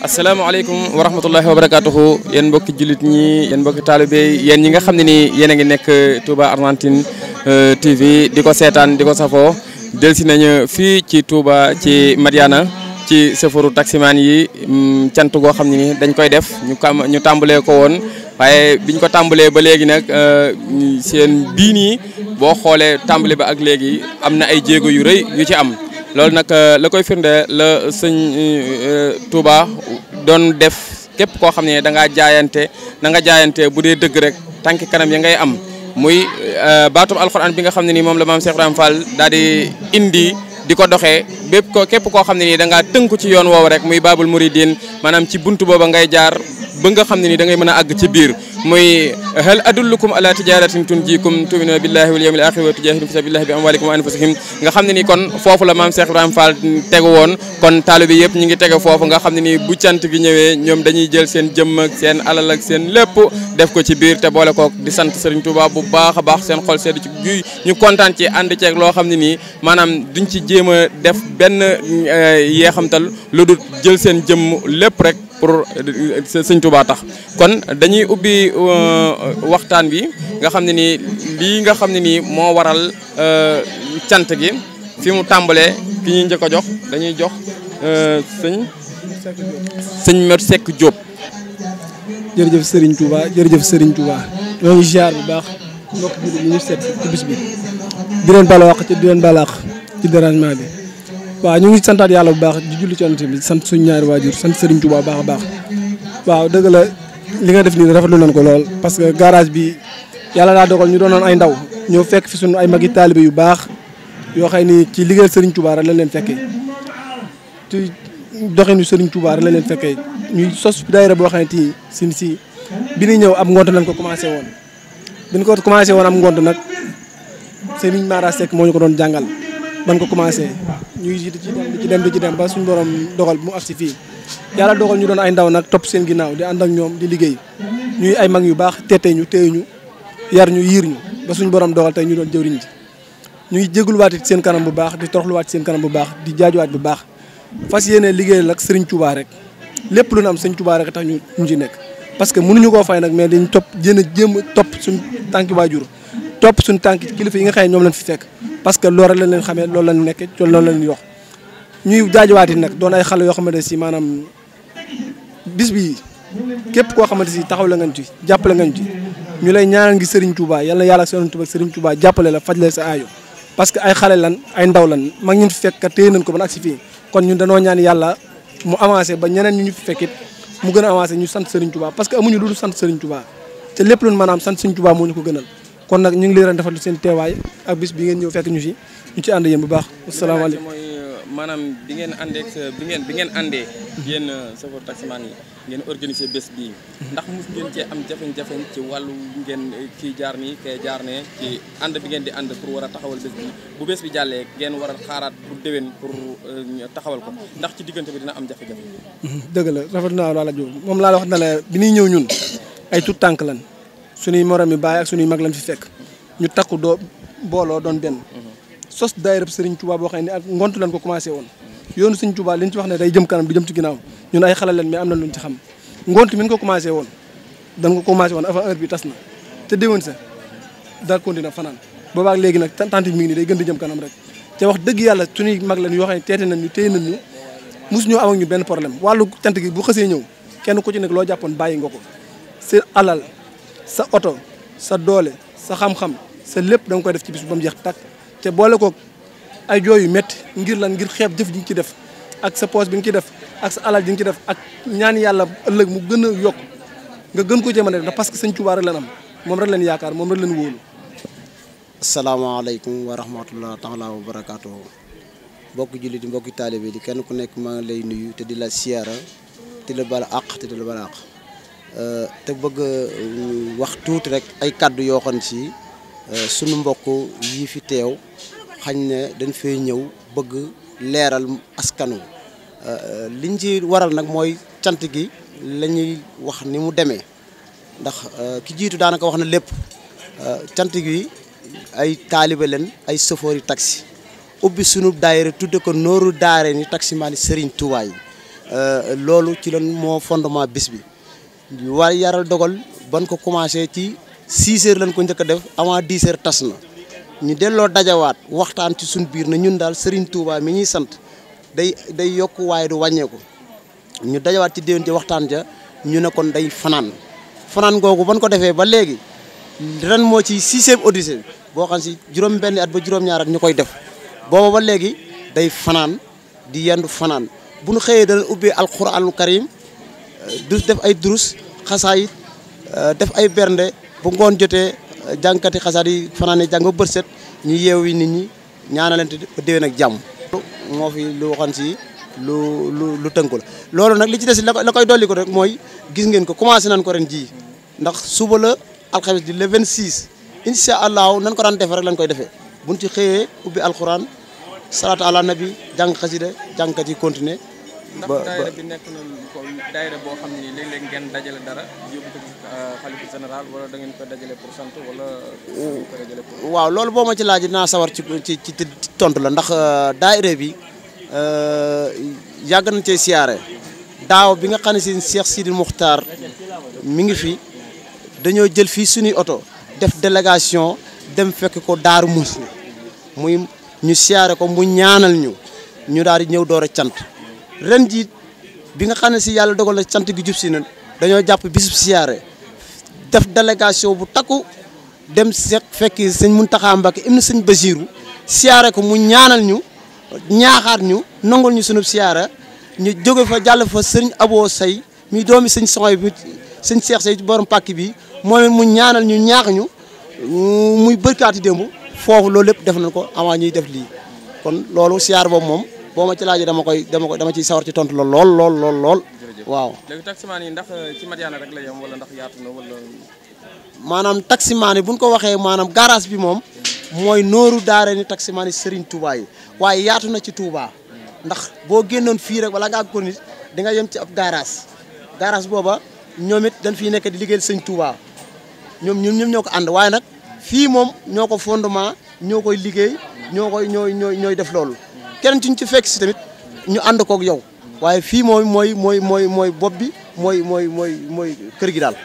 asalaamaaleykum wa rahmatullahi wa barakatuhu yéen mbokki jullit ñi yéen mbokki taalibe yéen ñi nga xam ne nii yéen a ngi nekk Touba Argentine euh, TV di ko seetaan di ko safoo del si nañu fii ci Touba ci Madiana ci safaru taximaan yi mm, cant goo xam ne ni dañ koy def ñu kam ñu tàmbalee ko woon waaye biñ ko tàmbalee ba léegi nag euh, seen bii nii boo xoolee tàmbale ba ak léegi am na ay jéego yu rëy yu ci am loolu nag euh, la koy firnde la sëñ euh, Touba doon def képp koo xam ne da ngaa jaayante na nga jaayante bu dee dëgg rek tànki kanam ya ngay am muy euh, baatum alxuraan bi nga xam ne nii moom la maam Cheikh Ibrahima Fall daal indi di ko doxee bépp ko képp koo xam ne nii da ngaa tënku ci yoon woowu rek muy Babul din maanaam ci bunt booba ngay jaar. ba nga xam ne ni da ngay mën a àgg ci biir muy hal adullukum ala tijaratin tunjikum tuminuna billahi wal yawmil akhir wa tujahidun fi sabilillahi bi amwalikum wa anfusihim nga xam ne ni kon foofu la maam Cheikh Ibrahima Fall tegu woon kon taalibe yëpp ñi ngi tege foofu nga xam ne ni bu cant gi ñëwee ñoom dañuy jël seen jëmm ak seen alal ak seen lépp def ko ci biir te boole ko di sant Serigne Touba bu baax a baax seen xol sedd ci guy ñu kontaan ci ànd ceeg loo xam ne nii maanaam duñ ci jéem a def benn eh, yeexamtal lu dul jël seen jëmm lépp rek pour euh, sëñ Touba tax kon dañuy ubbi euh, waxtaan bi nga xam ne nii lii nga xam ne nii moo waral euh, cant gi fi mu tàmbalee ki ñuy njëkk a jox dañuy jox sëñ sëñ Modou sekk Diop jërëjëf Serigne Touba jërëjëf Serigne Touba ñoo ngi ziar bu baax mbokk ñu set ci bis bi di leen balaax ci di leen balaax ci dérangement bi waaw ñu ngi santaat yàlla bu baax di julli ci yonent bi sant suñu ñaari waajur sant Serigne Touba baax a baax waaw dëgg la li nga def nii rafetlu nañ ko lool parce que garage bi yàlla daa dogal ñu doonoon ay ndaw ñoo fekk fi suñu ay magi taalibe yu baax yoo xam ni ci liggéeyal Serigne Touba rek lañ leen fekkee ci doxinu sëriñ Touba rek la leen fekkee ñu sos daayira boo xam ne sin si bi ñuy ñëw ab ngont lañ ko commencé woon bi ñu ko commencé woon am ngont nag Serigne Mara Seck moo ñu ko doon jàngal ban ko commencé ñuy di ci dem di dem di ci dem ba suñu borom dogal mu agsi fii yàlla dogal ñu doon ay ndaw nag topp seen ginnaaw di ànd ak ñoom di liggéey ñuy ay mag yu baax teete ñu tee ñu yar ñu yiir ñu ba suñ borom doxal tey ñu doon jëwriñ ji ñuy jégluwaat ci seen kanam bu baax di toroxluwaat ci seen kanam bu baax di jaajuwaat bu baax fas yéene liggéey nag Serigne Touba rek lépp lu ñu am Serigne Touba rek tax ñu ñu ci nekk parce que mënuñu koo fay nag mais dañ topp jéem a jéem topp suñ tànki waajur topp suñ tànki kilifa yi nga xam ne ñoom lañ fi fekk parce que loolu lañ leen xamee loolu lañ nekk loolu lañ leen yox ñuy jaajawaati nag doon ay xale yoo xamante ne si maanaam bis bi képp koo xamante si taxaw la ngañ ci jàppale ngañ ci ñu lay ñaanal ngi Serigne Touba yàlla yàlla Serigne Touba Serigne Touba jàppale la fajle sa aajo parce que ay xale lan ay ndaw lan mag ñun fi fekk téye nañ ko ban ak si fii kon ñun dañoo ñaan yàlla mu avancé ba ñeneen ñu ñu fi fekkit mu gën a avancé ñu sant Serigne Touba parce que amuñu lu dul sant Serigne Touba te lépp lu maanaam sant Serigne Touba moo ñu ko gënal kon nag ñu ngi leen defal seen teewaay ak bis bi ngeen ñëw fekk ñu fi ñu ci ànd yéen bu baax. asalaamaaleykum mooy euh, maanaam bi ngeen àndee euh, bi ngeen bi ngeen àndee. yéen euh, chauffeur taximan yi ngeen organiser bés bii. ndax mos ngeen cee am jafe-jafe ci wàllu ngeen kii jaar nii jaar ne ci ànd bi ngeen di ànd pour war a taxawal bés bu bés bi jàllee ngeen war a xaaraat pour déwén pour taxawal ko ndax ci diggante bi dina am jafe-jafe. dëgg la rafet naa laa moom laa la wax ne la bi ñuy ñëw ñun ay tout tànk lan suñuy morom mi bàyyi ak suñuy mag lañ fi fekk ñu takku doo booloo doon benn sos daayira Serigne Touba boo xam ne ak ngont lañ ko commencé woon yoonu Serigne Touba liñ ci wax ne day jëm kanam du jëm ci ginnaaw ñun ay xale lañ mais am na luñ xam ngont min ko commencé woon dañ ko commencé woon avant bi tas na te déwén sa daal continué fanaan boobaak léegi nag tant mi ngi nii day gën di jëm kanam rek wax dëgg yàlla mag lañ yoo xam ne teete nañ ñu téye na ñu mosu ñoo am ak ñu benn problème wàllu cant gi bu xësee ñëw kenn ku ci nekk loo jàppoon bàyyi nga ko si alal sa oto sa doole sa xam-xam sa lépp danga nga koy def ci bis ba mu jeex tàkk te boole ko ay jooy yu métti ngir lan ngir xeeb jëf ji nga ci def ak sa poos bi nga ci def ak sa alal ji ngi ci def ak ñaan yàlla ëllëg mu gën a yokk nga gën ko jëmale ndax parce que sëñ Tuubaa rek leen am moom rek leen yaakaar moom rek leen wóolu. asalaamaaleykum wa rahmatulah taala wa barakaatu. mbokki jullit yi mbokki taalibe di kenn ku nekk maa ngi lay nuyu te di la siyaara te di la bala àq te di la Euh, te bëgg euh, wax tuuti rek ay kàddu yoo xam si euh, sunu mbokk yi fi teew xañ ne dañ fay ñëw bëgg leeral askanu liñ ci waral nag mooy cant gi la ñuy wax ni mu demee ndax ki jiitu daanaka wax na lépp cant gi ay taalibe leen ay sëfoor yi taxi ubbi sunu daayira tudde ko nooru daare ni taximaani Serigne Touba yi loolu ci lan moo fondement bis bi waaye yaral dogal ban ko commencé ci 6 heures lañ ko njëkk a def avant 10 tas na ñu delloo dajawaat waxtaan ci suñ biir na ñun daal Serigne Touba mi ñuy sant day day yokk waaye du wàññeeku ñu dajawaat ci déwén ci waxtaan ja ñu ne kon day fanaan fanaan googu ban ko defee ba léegi ren moo ci sixième audition boo xam si juróom benn at ba juróom-ñaar at ñu koy def booba ba léegi day fanaan di yendu fanaan bu ñu xëyee dana ubbee alxuraanul karim du def ay durus xasaayit euh, def ay bernde bu ngoon jotee euh, jàngkati xasaat yi fanaane jàng ba bët set ñu yeewi nit ñi ñaanalante ba déwén ak jàmm. moo fi lu waxoon si lu lu lu tënku la loolu nag li ci des la koy dolli ko rek mooy gis ngeen ko commencé nañ ko ren jii ndax suba la alxames di le 26 incha allahu nan ko daan defee rek lañ koy defee buñ ci xëyee ubbi alxuraan salaatu ala nabi jàng xasida jàngkat yi continuer ndax daayira bi nekk na daayira boo xam ni léeg-léeg ngeen dajale dara yóbbu euh, da ngeen ko dajale pour sant wala. waaw loolu boo ma ci laaj dinaa sawar ci ci ci tontu la ndax euh, daayira bi euh, yàgg nañ cee siyaare daaw bi nga xam ne si Cheikh Sidi Moukhtar mi ngi fi dañoo jël fii sunuy oto def délégation dem fekk ko daar Muxti muy ñu siyaare ko mu ñaanal ñu ñu daal di ñëw door a cant. ren jii bi nga xam ne si yàlla dogal na sant gi jub si na dañoo jàpp bisub siyaare def délégation bu takku dem seq fekki sëñ Muntaxa Mbàkke ibn sëñ Basiiru siyaare ko mu ñaanal ñu ñaaxaat ñu nangul ñu sunub siyaara ñu jóge fa jàll fa sëñ Aboo Say muy doomi sëñ soxoy sëñ Seex Say borom pàkk bi mooy mu ñaanal ñu ñaax ñu muy bërkaati démb foofu loolu lépp def na ko avant ñuy def lii kon loolu siyaar boobu moom boo ci laajee dama koy dama koy dama ciy sawar ci tontu lool lool lool lool lool. waaw léegi taximaan yi ndax eh, ci Madiyana rek la yem wala ndax yaatu na wala. maanaam taximaan yi bu ñu ko waxee maanaam garage bi moom. mooy nooru daare ni taximaan yi Serigne Touba waaye yaatu na ci Touba. ndax boo génnoon fii rek wala ngaa ko nit di nga ci ab garage. garage booba ñoom it dañ fiy nekk di liggéeyal sëñ Touba ñoom ñun ñoom ñoo ko ànd waaye nag fii moom ñoo ko fondement ñoo koy liggéey ñoo koy ñooy ñooy ñooy def loolu. kenn ci ñu ci fekk si tamit ñu ànd kook yow waaye fii mooy mooy mooy mooy mooy bopp bi mooy mooy mooy mooy kër gi daal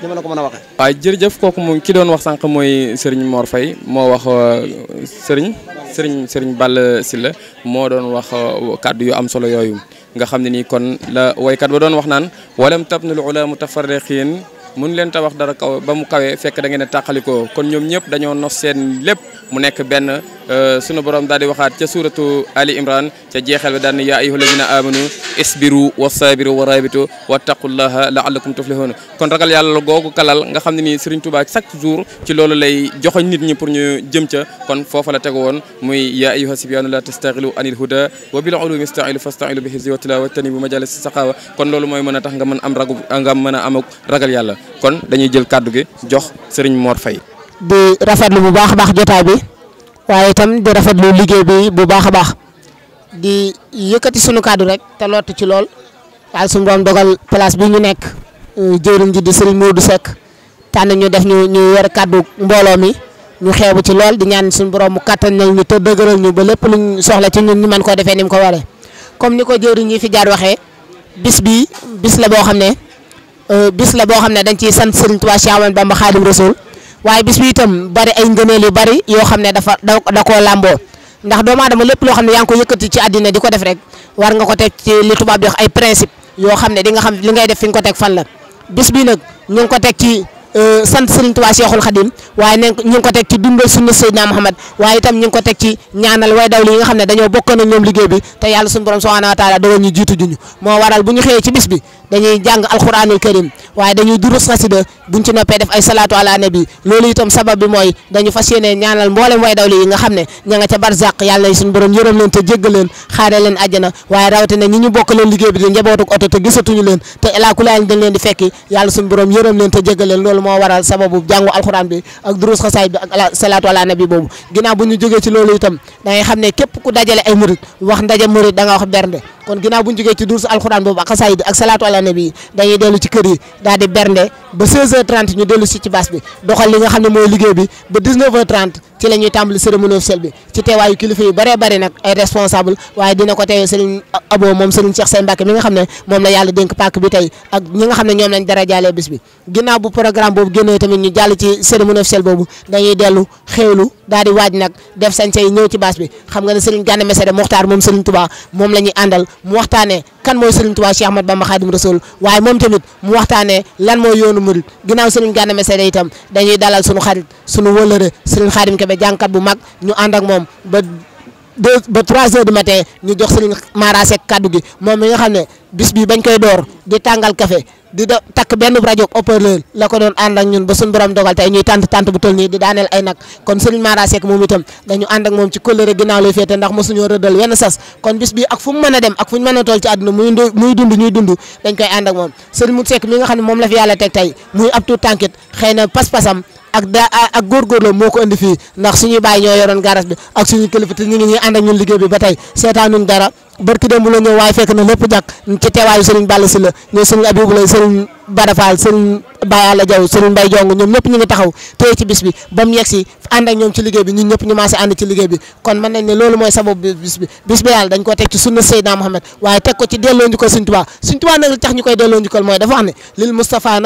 ni ma la ko mën a waxee. waaw jërëjëf kooku moom ki doon wax sànq mooy Serigne moor fay moo wax euh, sëriñ Serigne Serigne Balla Sylla moo doon wax euh, kàddu yu am solo yooyu nga xam ne nii kon la woykat ba doon wax naan walam tabnul ula mutafarriqin mun leen tabax dara kaw ba mu kawee fekk da ngeen a tàqalikoo kon ñoom ñëpp dañoo nos seen lépp mu nekk benn. Euh, sunu borom daal waxaat ca suuratu Ali Imran ca jeexal ba daal ne yaa ayyuhal amanu isbiru wa sabiru wa rabitu wattaqullaha laallakum tuflihun kon ragal yàlla googu kalal nga xam ne nii Serigne Touba chaque jour ci loolu lay joxoñ nit ñi pour ñu jëm ca kon foofa la tegu woon muy yaa ayyuha sibyaanu la tastaxilu anil huda wa bil ulumi istailu fastailu bi hizzi wa tilawa tani bu majalis saqawa kon loolu mooy mën a tax nga mën am ragu ragal yàlla kon dañuy jël kàddu gi jox Serigne Mor Faye waaye itam di rafetlu liggéey bi bu baax a baax di yëkkati sunu kàddu rek te lottu ci lool waaye suñu doom dogal place bi ñu nekk eh, jëwriñ ji di Serigne Modou Seck tànn ñu def ñu ñu yor kàddu mbooloo mi ñu xeebu ci lool di ñaan suñu borom mu kattan nañ ñu te dëgëral ñu ba lépp lu luñ soxla ci ñun ñu mën koo defee ni mu ko waree. comme ni ko jëwriñ yi fi jaar waxee bis bi bis la boo xam ne eh, bis la boo xam ne dañ ciy sant Serigne Touba Cheikh Ahmadou Bamba waaye bis bi itam bari ay ngëneel yu bari yoo xam ne dafa da koo làmboo ndax doomu aadama lépp loo xam ne yaa ngi ko yëkkati ci àddina di ko def rek war nga ko teg ci li tubaab di wax ay yoo xam ne di nga xam li ngay def fi nga ko teg fan la bis bi nag ñu ko teg ci Euh, sant Serigne Touba Cheikhul Khadim waaye ne ko teg ci dundal sunna Seydina Muhammad waaye itam ñu ko teg ci ñaanal way daw li nga xam ne dañoo bokkoon ak ñoom liggéey bi te yàlla suñu borom subhanahu wa taala dogal ñu jiitu juñu moo waral bu ñu xëyee ci bis bi dañuy jàng durus xasida buñ ci noppee def ay salaatu ala loolu itam sabab bi mooy dañu fas yéene ñaanal mboolem way daw yi nga xam ne ña nga ca barzaq yàlla na suñu borom yërëm leen te jéggal leen xaare leen àjjana waaye rawatina ñi ñu bokk leen liggéey bi di njabootuk oto te gisatuñu leen te elaakulaan dañ leen moo waral sababu jàngu alxuraan bi ak durus xasaay bi ak ala salaatu laana bi boobu ginnaaw bu ñu jógee ci loolu itam da ngay xam ne képp ku dajale ay murit wax ndaje murit da nga wax bernde kon ginnaaw bu ñu jógee ci dursu alxuraan boobu ak xasaayid ak salaatu ala nabi dañuy dellu ci kër yi daal bernde ba 16h30 ñu dellu si ci bâche bi doxal li nga xam ne moom la yàlla dénk pàkk bi tey ak ñi nga xam ne ñoom lañ dara jaalee bis bi ginnaaw bu programme boobu génnee tamit ñu jàll ci cérémonie officielle boobu dañuy dellu xéewlu daal di waaj nag def sañse yi ñëw ci baas bi xam nga ne Serigne Gana Messere Mokhtar moom Serigne Touba moom la ñuy àndal mu waxtaanee kan mooy Serigne Touba Cheikh Ahmad Bamba Khadim Rasoul waaye moom tamit mu waxtaanee lan mooy yoonu murid ginnaaw Serigne Gana Messere itam dañuy dalal sunu xarit sunu wëllëre Serigne Khadim Kebe jàngkat bu mag ñu ànd ak moom ba deux ba trois heures matin ñu jox Serigne Mara Seck kàddu gi moom mi nga xam ne bis bi bañ koy door di tàngal kafe di da takk benn rajo opérateur la ko doon ànd ak ñun ba suñu borom dogal tey ñuy tant tant bu toll nii di daaneel ay nag kon Serigne Mara Seck moom itam dañu ànd ak moom ci kóllëre ginnaaw lay féete ndax mosuñoo rëddal wenn sas kon bis bi ak fu mu a dem ak fu ñu mën a toll ci àdduna muy muy dund ñuy dund dañ koy ànd moom Serigne Mara Seck mi nga xam moom la fi yàlla teg tey muy ab tuut tànkit xëy na pas-pasam ak da ak góorgóorloo moo ko indi fii ndax suñuy bàyyi ñoo yoroon garas bi ak suñu kilifa te ñu ngi ñuy ànd ak ñun liggéey bi ba tey seetaanuñ dara barki démb ñëw waaye fekk na lépp jàkk ci teewaayu Serigne Balla Sylla ñoom Serigne Abibou Lay Serigne Bada Fall Serigne Baye Alla Diaw Serigne Mbaye Jong ñoom ñëpp ñu ngi taxaw téye ci bis bi ba mu yegg ànd ak ñoom ci liggéey bi ñun ñëpp ñu maase ànd ci liggéey bi kon mën nañ ne loolu mooy sababu bis bi bis bi yàlla dañ ko teg ci sunna Seydina Muhammad waaye teg ko ci delloo njukkal Serigne Touba Serigne Touba nag tax ñu koy delloo njukkal mooy dafa wax ne lil Mustafa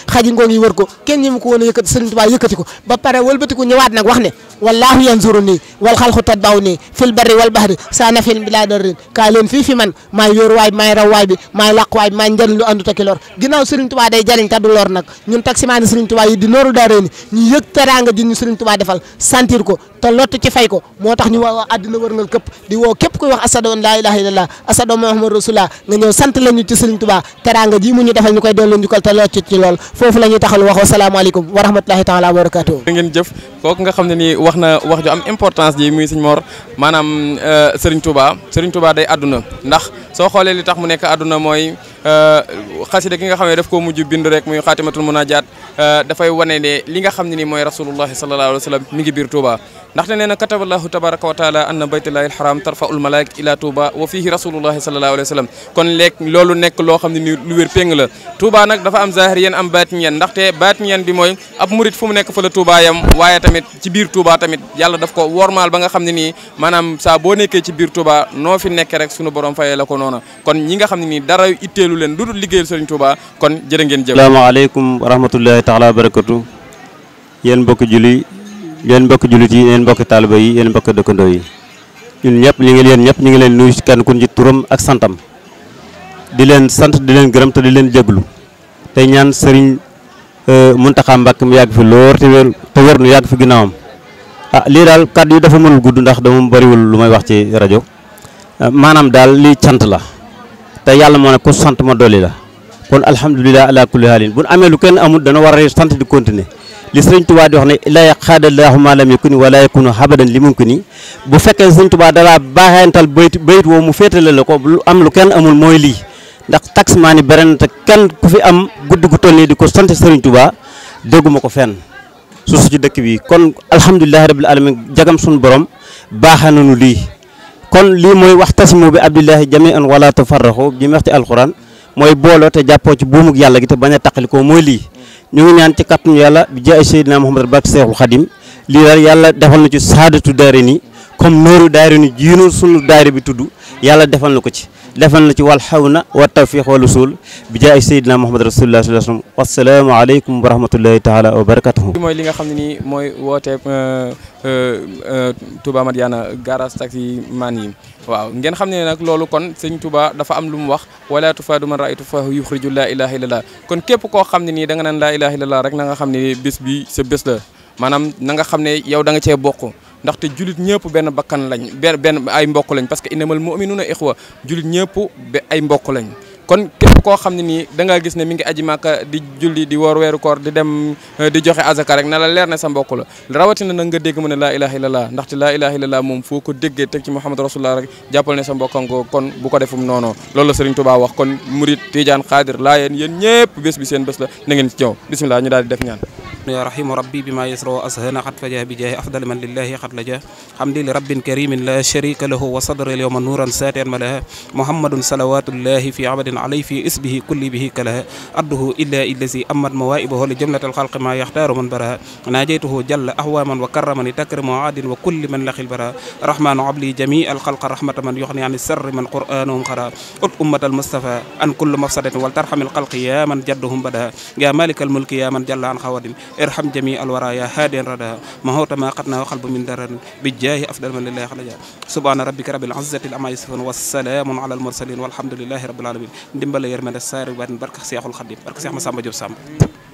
wa bihi kenn ñi mu ko woon a yëkkati Sëriñ Tuubaa yëkkati ko ba pare wëlbati ko ñëwaat nag wax ne wallaahu yanzuru nii wal xalqu tatbaw nii fil barri wal bahri saa nafin bi laa darrin kaa leen fii fi man maay yóor waay bi maay raw waay bi maay laq waay bi maay njëriñ andu taki lor ginnaaw Sëriñ Tuubaa day jëriñ te du lor nag ñun taximaani Sëriñ Tuubaa yi di nooru daa réeni ñu yëg teraanga ji ñu Sëriñ Tuubaa defal sentir ko te lott ci fay ko moo tax asalaamaaleykum wa rahmatulahi taala wa barakaatu. ngeen jëf kooku nga xam ne ni wax na wax ju am importance ji muy sëñ Mor maanaam euh, Serigne Touba Serigne Touba day àdduna ndax soo xoolee li tax mu nekk àdduna mooy euh, xasida gi nga xam ne daf ko mujj bind rek muy xaatimatul munajaat Euh, dafay wane ne li nga xam ne ni mooy rasulullahi sallallahu alayhi wa sallam mi ngi biir Touba na kataballahu tabaraka wa taala anna baytullahi alharam tarfaul malaik ila Touba wa fihi rasulullahi sallallahu alayhi wa sallam loolu nekk loo xam ne ni lu wér la Touba nag dafa am zahir yeen am baatin yeen ndaxte baatin yeen bi mooy ab murit mu nekk fa la Touba waaye tamit ci biir Touba tamit yàlla daf ko wormaal ba nga xam ne nii maanaam saa boo nekkee ci biir Touba noo fi nekk rek sunu borom fayee la ko noona kon ñi nga xam ne nii dara itteelu leen lu dul liggéeyal Sëriñ Touba kon jërë ngeen jëf salaamaaleykum wa rahmatullahi taala barakatu yéen mbokki julli yéen mbokki jullit yi yéen mbokki taaliba yi yéen mbokki dëkkandoo yi ñun ñëpp ñu ngi leen ñëpp ñu ngi leen nuyu si kenn ku ci turam ak santam di leen sant di leen gërëm te di leen jéglu tey ñaan sëriñ euh, Muntaxa Mbàkke mu yàgg fi loor te wér te wér nu yàgg fi ginnaawam ah lii daal kàddu yi dafa mënul gudd ndax dama bariwul lu may wax ci rajo euh, maanaam daal lii sant la te yàlla moo ne ku sant ma dolli la kon alhamdulilah ala kulli haalin bu nu amee lu kenn amul dana war a sant di continuer li sëriñ tubaa di wax ne laa xaadallaahu maa lam yakuni wala yakunu habadan li mumkin ni bu fekkee sëriñ tubaa dalaa baaxeental bayit ko lu am kenn amul mooy lii ndax taxman yi bari na te kenn ku fi am guddi gu toll nii di ko sant sëriñ tubaa dégguma ko fenn suuf ci dëkk bi kon alhamdulilahi rabbil alamin jagam suñu borom baaxa nanu lii kon lii mooy wax tasimu bi abdillahi jamian wala tafarraxu bi mu wax ci alquran mooy booloo te jàppoo ci buumug yàlla gi te bañ a taqalikoo mooy lii ñu ngi ñaan ci kàttanu yàlla bi jaay Seydina Muhammad Bakk Seexul Xadim lii daal yàlla defal na ci saadatu daare nii comme nooru daare ni jiinu sunu daare bi tudd yàlla defal na ko ci defal na ci wal xawna wa tawfiq wal usul bi jaay sayyidina muhammad rasulullah sallallahu alayhi wasallam wassalaamu aleykum wa rahmatullahi taala wa barakatuhu mooy li nga xam ne nii mooy woote euh, euh, euh, Touba Madiyana garage taxi man yi waaw ngeen xam ne nag loolu kon sëñ Touba dafa am lu mu wax wala tufaadu man raaytu fa yuxriju laa ilaha illallah kon képp koo xam ne nii da nga naan laa ilaha illallah rek na nga xam ne bis bi sa bés maanaam na nga xam ne yow da nga cee bokk ndaxte julit ñëpp benn bakkan lañ benn ay mbokk lañ parce que innamal mu'minuna ixwa julit ñëpp ay mbokk lañ kon képp koo xam ne nii da ngaa gis ne mi ngi aji màkka di julli di woor weeru koor di dem eh, di joxe azaka rek na la leer ne sa mbokk la rawatina nag nga dégg mu ne laa ilaha illallah ndaxte la ilaha illallah moom foo ko déggee teg ci muhammad rasulullah rek jàppal ne sa mbokkangoo kon bu ko defum noonu loolu la Serigne Touba wax kon murid Tidiane Xaadir laa yéen yéen ñëpp bés bi seen bés la na ngeen ci ñëw bisimilah ñu daal di def ñaan يا رحيم ربي بما يسر وأسهل قد فجاه بجاه أفضل من لله قد لجاه حمد لرب كريم لا شريك له وصدر اليوم نورا ساترا ملها محمد صلوات الله في عبد عليه في اسمه كل به كلها أرضه إلا الذي أمد موائبه لجملة الخلق ما يختار من برها ناجيته جل أهواما وكرما تكرم عاد وكل من لخي البرا رحمن عبلي جميع الخلق رحمة من يغني عن السر من قرآنهم خرا أد أمة المصطفى عن كل مفسدة ولترحم الخلق يا من جدهم بدها يا مالك الملك يا من جل عن خواد irham jami alwara ya haden rada ma hawtama wa qalbu min daran bijaahi afdal man lillahi xalaja subhana rabbika rabbil izzati amma yasifun wa salamun ala al mursalin walhamdulillahi rabbil alamin ndimbal yermande saari batin barka Seexul Xadim barka Seex Masamba Jóob Samb